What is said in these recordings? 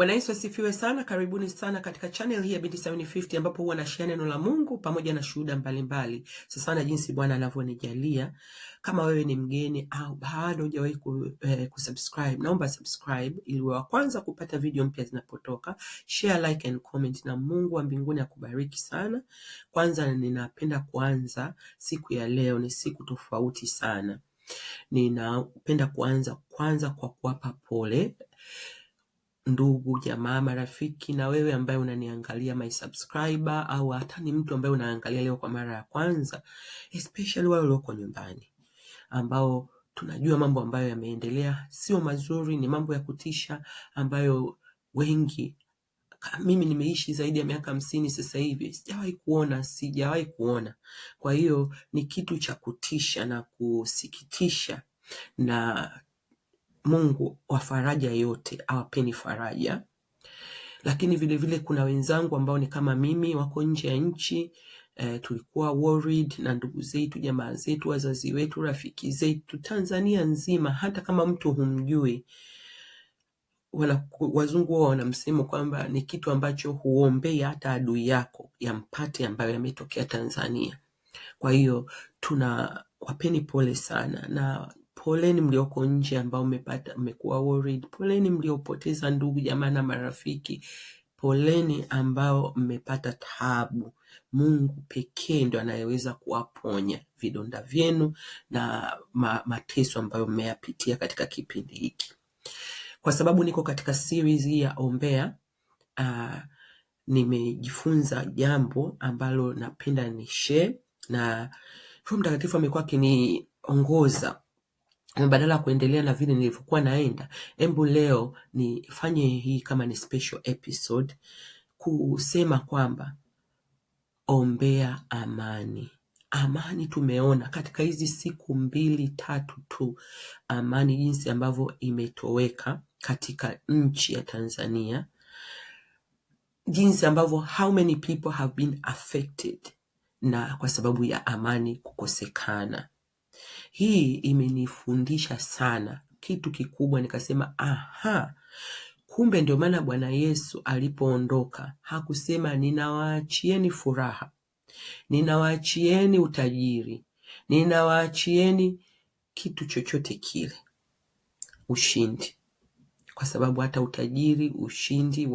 Bwana Yesu asifiwe sana. Karibuni sana katika channel hii ya Binti Sayuni 50 ambapo huwa nashia neno la Mungu pamoja na shuhuda mbalimbali. Sasa na jinsi Bwana anavyonijalia. Kama wewe ni mgeni au bado hujawahi ku, eh, kusubscribe, naomba subscribe ili wa kwanza kupata video mpya zinapotoka. Share, like and comment na Mungu wa mbinguni akubariki sana. Kwanza ninapenda kuanza siku ya leo, ni siku tofauti sana. Ninapenda kuanza kwanza kwa kuwapa pole ndugu, jamaa, marafiki na wewe ambaye unaniangalia my subscriber, au hata ni mtu ambaye unaangalia leo kwa mara ya kwanza, especially wale walioko nyumbani ambao tunajua mambo ambayo yameendelea sio mazuri, ni mambo ya kutisha ambayo wengi mimi nimeishi zaidi ya miaka hamsini sasa hivi sijawahi kuona, sijawahi kuona. Kwa hiyo ni kitu cha kutisha na kusikitisha, na Mungu wa faraja yote awapeni faraja, lakini vilevile vile kuna wenzangu ambao ni kama mimi wako nje ya nchi e, tulikuwa worried na ndugu zetu, jamaa zetu, wazazi wetu, rafiki zetu, Tanzania nzima, hata kama mtu humjui wana, wazungu wao wana msemo kwamba ni kitu ambacho huombei hata adui yako yampate ambayo yametokea Tanzania. Kwa hiyo tuna wapeni pole sana na Poleni mlioko nje ambao mmepata mmekuwa worried. Poleni mliopoteza ndugu jamaa na marafiki. Poleni ambao mmepata tabu Mungu pekee ndo anayeweza kuwaponya vidonda vyenu na ma, mateso ambayo mmeyapitia katika kipindi hiki. Kwa sababu niko katika series hii ya ombea, uh, nimejifunza jambo ambalo napenda ni share na Roho Mtakatifu amekuwa akiniongoza badala ya kuendelea na vile nilivyokuwa naenda, hebu leo nifanye hii kama ni special episode kusema kwamba ombea amani. Amani tumeona katika hizi siku mbili tatu tu, amani jinsi ambavyo imetoweka katika nchi ya Tanzania, jinsi ambavyo how many people have been affected na kwa sababu ya amani kukosekana. Hii imenifundisha sana kitu kikubwa, nikasema aha, kumbe ndio maana Bwana Yesu alipoondoka hakusema ninawaachieni furaha, ninawaachieni utajiri, ninawaachieni kitu chochote kile, ushindi, kwa sababu hata utajiri, ushindi,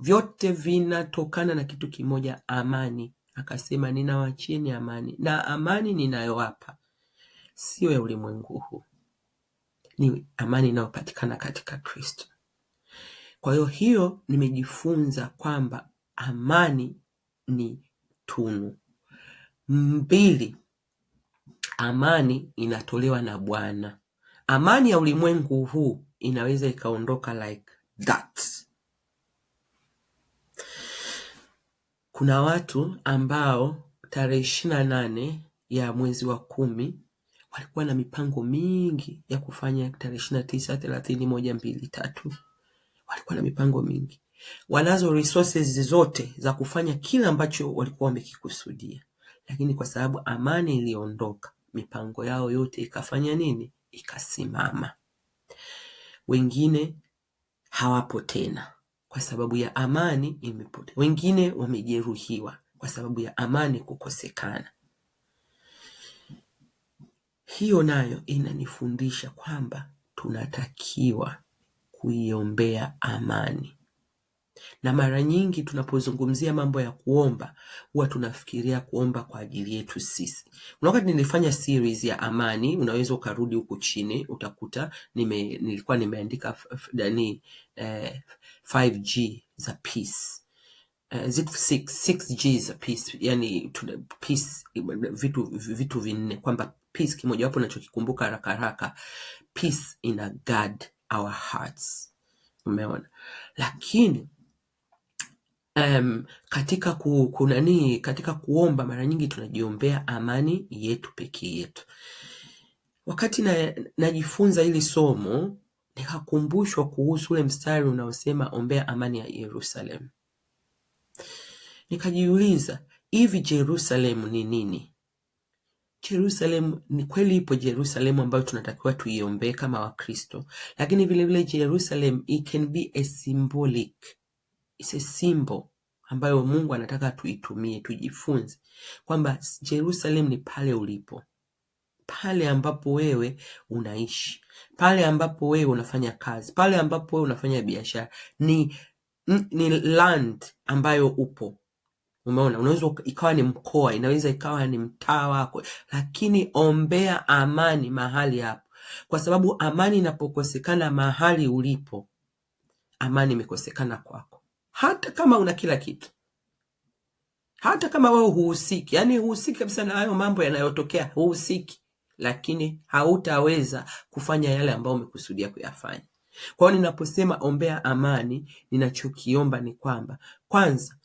vyote vinatokana na kitu kimoja, amani. Akasema ninawaachieni amani, na amani ninayowapa sio ya ulimwengu huu, ni amani inayopatikana katika Kristo. Kwa hiyo hiyo, nimejifunza kwamba amani ni tunu. Mbili, amani inatolewa na Bwana. Amani ya ulimwengu huu inaweza ikaondoka like that. Kuna watu ambao tarehe ishirini na nane ya mwezi wa kumi walikuwa na mipango mingi ya kufanya tarehe ishirini na tisa thelathini moja mbili tatu walikuwa na mipango mingi wanazo resources zote za kufanya kila ambacho walikuwa wamekikusudia lakini kwa sababu amani iliondoka mipango yao yote ikafanya nini ikasimama wengine hawapo tena kwa sababu ya amani imepotea wengine wamejeruhiwa kwa sababu ya amani kukosekana hiyo nayo inanifundisha kwamba tunatakiwa kuiombea amani. Na mara nyingi tunapozungumzia mambo ya kuomba, huwa tunafikiria kuomba kwa ajili yetu sisi. Kuna nilifanya series ya amani, unaweza ukarudi huku chini utakuta nime, nilikuwa nimeandika f- f- eh, 5G za peace uh, six, six G's a piece yani piece vitu vitu vinne kwamba peace kimojawapo unachokikumbuka haraka haraka, peace a guard our hearts. Umeona, lakini um, katika ku, kunani katika kuomba mara nyingi tunajiombea amani yetu pekee yetu. Wakati na, najifunza hili somo nikakumbushwa kuhusu ule mstari unaosema ombea amani ya Yerusalemu Nikajiuliza, hivi Jerusalemu ni nini? Jerusalemu ni kweli, ipo Jerusalemu ambayo tunatakiwa tuiombee kama Wakristo, lakini vilevile Jerusalem it can be a symbolic, it's a symbol ambayo Mungu anataka tuitumie, tujifunze kwamba Jerusalem ni pale ulipo, pale ambapo wewe unaishi, pale ambapo wewe unafanya kazi, pale ambapo wewe unafanya biashara, ni ni land ambayo upo Umeona, unaweza ikawa ni mkoa, inaweza ikawa ni mtaa wako, lakini ombea amani mahali hapo, kwa sababu amani inapokosekana mahali ulipo, amani imekosekana kwako, hata kama una kila kitu, hata kama wewe huhusiki, yani huhusiki kabisa na hayo mambo yanayotokea, huhusiki, lakini hautaweza kufanya yale ambayo umekusudia kuyafanya. Kwa hiyo ninaposema ombea amani, ninachokiomba ni kwamba kwanza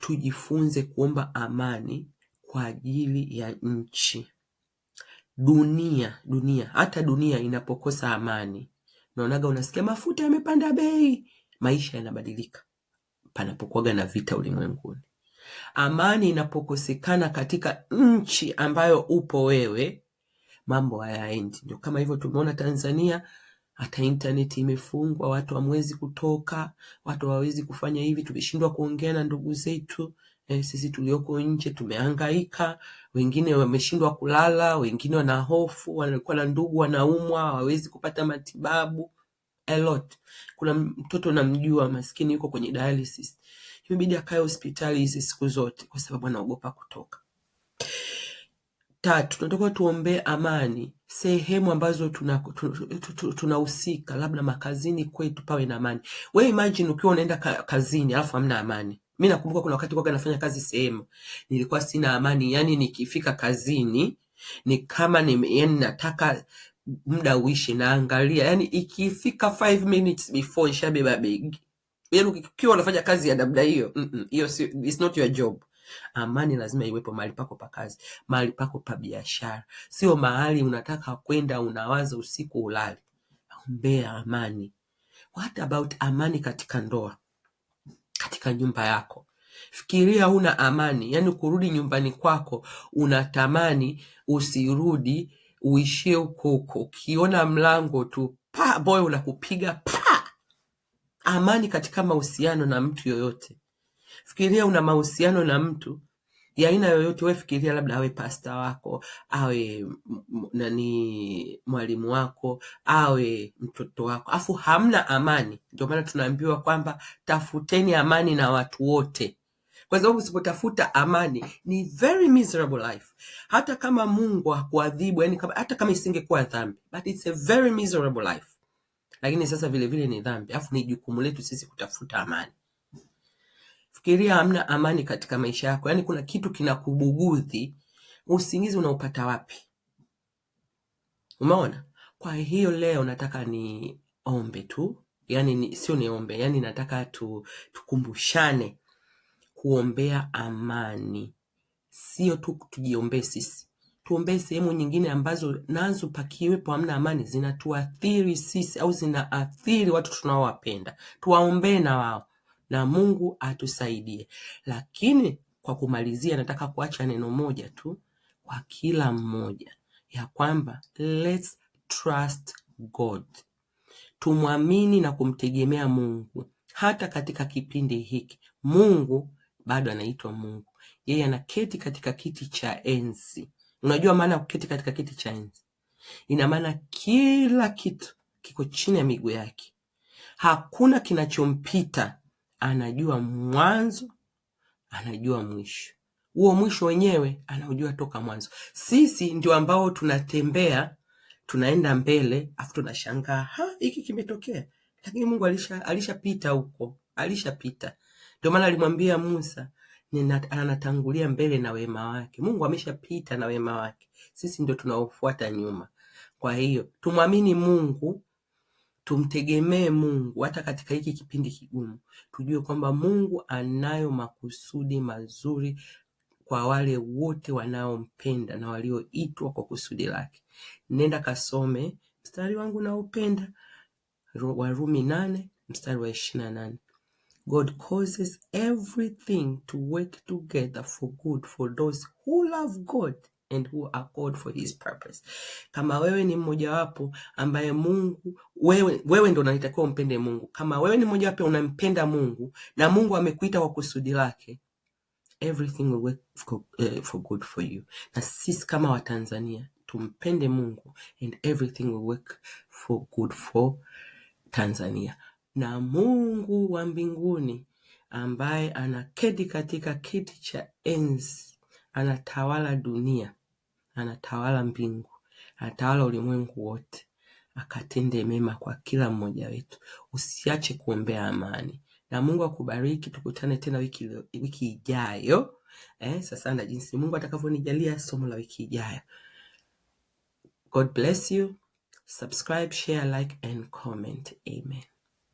tujifunze kuomba amani kwa ajili ya nchi. Dunia, dunia, hata dunia inapokosa amani, naonaga unasikia mafuta yamepanda bei, maisha yanabadilika panapokuwaga na vita ulimwenguni. Amani inapokosekana katika nchi ambayo upo wewe, mambo hayaendi. Ndio kama hivyo tumeona Tanzania hata intaneti imefungwa, watu hamwezi kutoka, watu hawawezi kufanya hivi, tumeshindwa kuongea na ndugu zetu. Eh, sisi tulioko nje tumehangaika, wengine wameshindwa kulala, wengine wana hofu, walikuwa na ndugu wanaumwa, hawawezi kupata matibabu a lot. Kuna mtoto namjua maskini yuko kwenye dialysis, imebidi akae hospitali hizi siku zote kwa sababu anaogopa kutoka. Tatu, tunatakiwa tuombee amani sehemu ambazo tunahusika tuna labda makazini kwetu pawe na amani. we imagine ukiwa unaenda kazini alafu hamna amani. mi nakumbuka kuna wakati kwaga nafanya kazi sehemu nilikuwa sina amani, yani nikifika kazini ni kama ni, yani nataka muda uishi, naangalia yani ikifika 5 minutes before nishabeba begi. Yani ukiwa unafanya kazi ya namna hiyo, mm -mm, hiyo it's not your job. Amani lazima iwepo mahali pako pa kazi, mahali pako pa biashara, sio mahali unataka kwenda unawaza usiku ulale. Ombea amani. What about amani katika ndoa, katika nyumba yako? Fikiria una amani, yani kurudi nyumbani kwako unatamani usirudi, uishie huko huko, ukiona mlango tu pa boy unakupiga pa. Amani katika mahusiano na mtu yoyote Fikiria una mahusiano na mtu ya aina yoyote. Wewe fikiria labda awe pasta wako, awe nani mwalimu wako, awe mtoto wako, afu hamna amani. Ndio maana tunaambiwa kwamba tafuteni amani na watu wote, kwa sababu usipotafuta amani ni very miserable life. Hata kama Mungu hakuadhibu, yani kama, hata kama isingekuwa dhambi, but it's a very miserable life. Lakini sasa vile vile ni dhambi, afu ni jukumu letu sisi kutafuta amani. Fikiria hamna amani katika maisha yako, yaani kuna kitu kinakubugudhi. Usingizi unaupata wapi? Umeona? Kwa hiyo leo nataka niombe tu, yaani ni, sio niombe, yaani nataka tu, tukumbushane kuombea amani, sio tu tujiombee sisi, tuombee sehemu nyingine ambazo nazo pakiwepo hamna amani, zinatuathiri sisi au zinaathiri watu tunaowapenda, tuwaombee na wao na Mungu atusaidie. Lakini kwa kumalizia, nataka kuacha neno moja tu kwa kila mmoja ya kwamba let's trust God, tumwamini na kumtegemea Mungu hata katika kipindi hiki. Mungu bado anaitwa Mungu, yeye anaketi katika kiti cha enzi. Unajua maana ya kuketi katika kiti cha enzi? Ina maana kila kitu kiko chini ya miguu yake, hakuna kinachompita anajua mwanzo, anajua mwisho. Huo mwisho wenyewe anaujua toka mwanzo. Sisi ndio ambao tunatembea tunaenda mbele afu tunashangaa hiki kimetokea, lakini Mungu alisha alishapita huko, alishapita. Ndio maana alimwambia Musa anatangulia mbele na wema wake. Mungu ameshapita na wema wake, sisi ndio tunaofuata nyuma. Kwa hiyo tumwamini Mungu Tumtegemee Mungu hata katika hiki kipindi kigumu, tujue kwamba Mungu anayo makusudi mazuri kwa wale wote wanaompenda na walioitwa kwa kusudi lake. Nenda kasome mstari wangu naupenda, Warumi nane mstari wa ishirini na nane. God causes everything to work together for good for those who love God and who are called for his purpose. Kama wewe ni mmojawapo ambaye Mungu wewe, wewe ndo unatakiwa umpende Mungu. Kama wewe ni mmojawapo unampenda Mungu na Mungu amekuita kwa kusudi lake, everything will work for, uh, for good for you. Na sisi kama Watanzania tumpende Mungu and everything will work for good for Tanzania, na Mungu wa mbinguni ambaye anakedi katika kiti cha enzi anatawala dunia, anatawala mbingu, anatawala ulimwengu wote. Akatende mema kwa kila mmoja wetu. Usiache kuombea amani, na Mungu akubariki. Tukutane tena wiki, wiki ijayo eh, sasa na jinsi Mungu atakavyonijalia somo la wiki ijayo. God bless you. Subscribe, share, like and comment. Amen.